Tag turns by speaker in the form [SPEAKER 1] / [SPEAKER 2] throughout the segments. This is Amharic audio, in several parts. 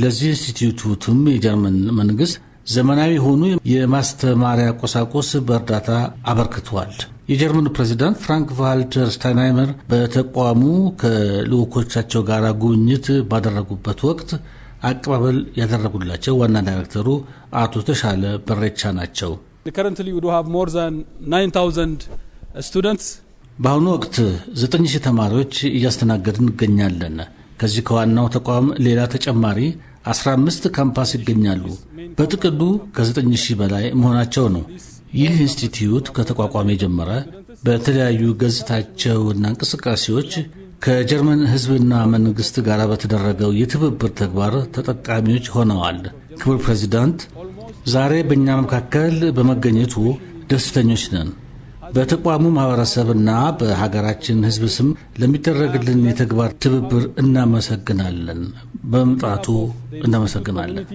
[SPEAKER 1] ለዚህ ኢንስቲትዩቱም የጀርመን መንግስት ዘመናዊ የሆኑ የማስተማሪያ ቁሳቁስ በእርዳታ አበርክተዋል። የጀርመኑ ፕሬዚዳንት ፍራንክ ቫልተር ስታይንሃይመር በተቋሙ ከልዑኮቻቸው ጋር ጉብኝት ባደረጉበት ወቅት አቀባበል ያደረጉላቸው ዋና ዳይሬክተሩ አቶ ተሻለ በሬቻ ናቸው። በአሁኑ ወቅት ዘጠኝ ሺህ ተማሪዎች እያስተናገድን እንገኛለን። ከዚህ ከዋናው ተቋም ሌላ ተጨማሪ 15 ካምፓስ ይገኛሉ። በጥቅሉ ከ 9000 በላይ መሆናቸው ነው። ይህ ኢንስቲትዩት ከተቋቋመ የጀመረ በተለያዩ ገጽታቸውና እንቅስቃሴዎች ከጀርመን ሕዝብና መንግሥት ጋር በተደረገው የትብብር ተግባር ተጠቃሚዎች ሆነዋል። ክቡር ፕሬዚዳንት፣ ዛሬ በእኛ መካከል በመገኘቱ ደስተኞች ነን። በተቋሙ ማህበረሰብና በሀገራችን ህዝብ ስም ለሚደረግልን የተግባር ትብብር እናመሰግናለን። በመምጣቱ እናመሰግናለን።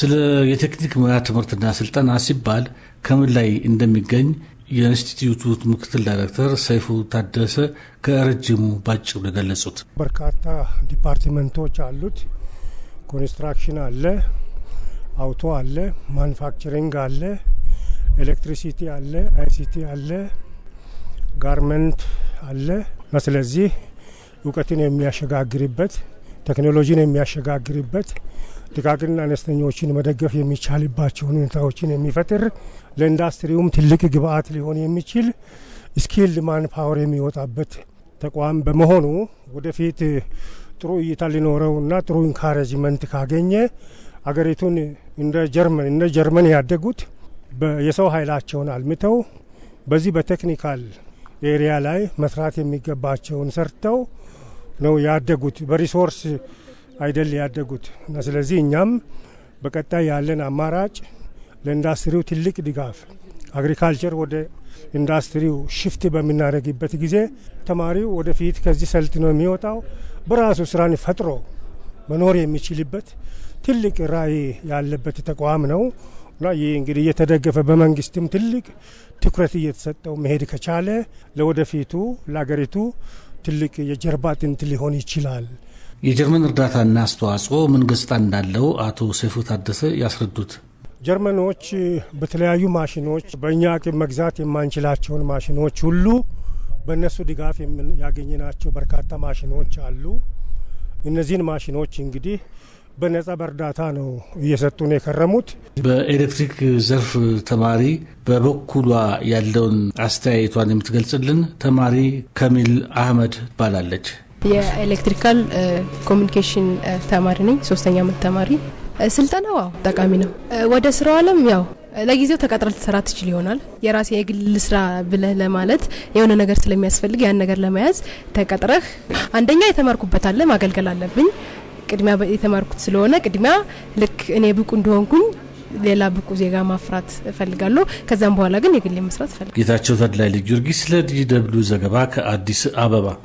[SPEAKER 1] ስለ የቴክኒክ ሙያ ትምህርትና ስልጠና ሲባል ከምን ላይ እንደሚገኝ የኢንስቲትዩቱ ምክትል ዳይሬክተር ሰይፉ ታደሰ ከረጅሙ ባጭሩ የገለጹት።
[SPEAKER 2] በርካታ ዲፓርትመንቶች አሉት። ኮንስትራክሽን አለ አውቶ አለ፣ ማኑፋክቸሪንግ አለ፣ ኤሌክትሪሲቲ አለ፣ አይሲቲ አለ፣ ጋርመንት አለ። ስለዚህ እውቀትን የሚያሸጋግርበት ቴክኖሎጂን የሚያሸጋግርበት ጥቃቅንና አነስተኞችን መደገፍ የሚቻልባቸውን ሁኔታዎችን የሚፈጥር ለኢንዱስትሪውም ትልቅ ግብአት ሊሆን የሚችል ስኪል ማን ፓወር የሚወጣበት ተቋም በመሆኑ ወደፊት ጥሩ እይታ ሊኖረው እና ጥሩ ኢንካሬጅመንት ካገኘ አገሪቱን እንደ ጀርመን እንደ ጀርመን ያደጉት የሰው ኃይላቸውን አልምተው በዚህ በቴክኒካል ኤሪያ ላይ መስራት የሚገባቸውን ሰርተው ነው ያደጉት። በሪሶርስ አይደል ያደጉት እና ስለዚህ እኛም በቀጣይ ያለን አማራጭ ለኢንዱስትሪው ትልቅ ድጋፍ አግሪካልቸር ወደ ኢንዱስትሪው ሽፍት በምናደርግበት ጊዜ ተማሪው ወደፊት ከዚህ ሰልጥኖ የሚወጣው በራሱ ስራን ፈጥሮ መኖር የሚችልበት ትልቅ ራዕይ ያለበት ተቋም ነው እና ይህ እንግዲህ እየተደገፈ በመንግስትም ትልቅ ትኩረት እየተሰጠው መሄድ ከቻለ ለወደፊቱ ለሀገሪቱ ትልቅ የጀርባ አጥንት ሊሆን ይችላል።
[SPEAKER 1] የጀርመን እርዳታና አስተዋጽኦ ምን ገጽታ እንዳለው አቶ ሰይፉ ታደሰ ያስረዱት።
[SPEAKER 2] ጀርመኖች በተለያዩ ማሽኖች በእኛ አቅም መግዛት የማንችላቸውን ማሽኖች ሁሉ በእነሱ ድጋፍ ያገኘናቸው በርካታ ማሽኖች አሉ። እነዚህን ማሽኖች እንግዲህ በነጻ በእርዳታ ነው እየሰጡን የከረሙት።
[SPEAKER 1] በኤሌክትሪክ ዘርፍ ተማሪ በበኩሏ ያለውን አስተያየቷን የምትገልጽልን ተማሪ ከሚል አህመድ ትባላለች።
[SPEAKER 3] የኤሌክትሪካል ኮሚኒኬሽን ተማሪ ነኝ፣ ሶስተኛ አመት ተማሪ። ስልጠናው ጠቃሚ ነው። ወደ ስራው አለም ያው ለጊዜው ተቀጥረ ልትሰራ ትችል ይሆናል። የራሴ የግል ስራ ብለህ ለማለት የሆነ ነገር ስለሚያስፈልግ ያን ነገር ለመያዝ ተቀጥረህ አንደኛ የተማርኩበት አለ ማገልገል አለብኝ። ቅድሚያ የተማርኩት ስለሆነ ቅድሚያ ልክ እኔ ብቁ እንደሆንኩኝ ሌላ ብቁ ዜጋ ማፍራት እፈልጋለሁ። ከዛም በኋላ ግን የግሌ መስራት እፈልጋለሁ።
[SPEAKER 1] ጌታቸው ተድላይ ልጅ ጊዮርጊስ ለዲ ደብልዩ ዘገባ ከአዲስ አበባ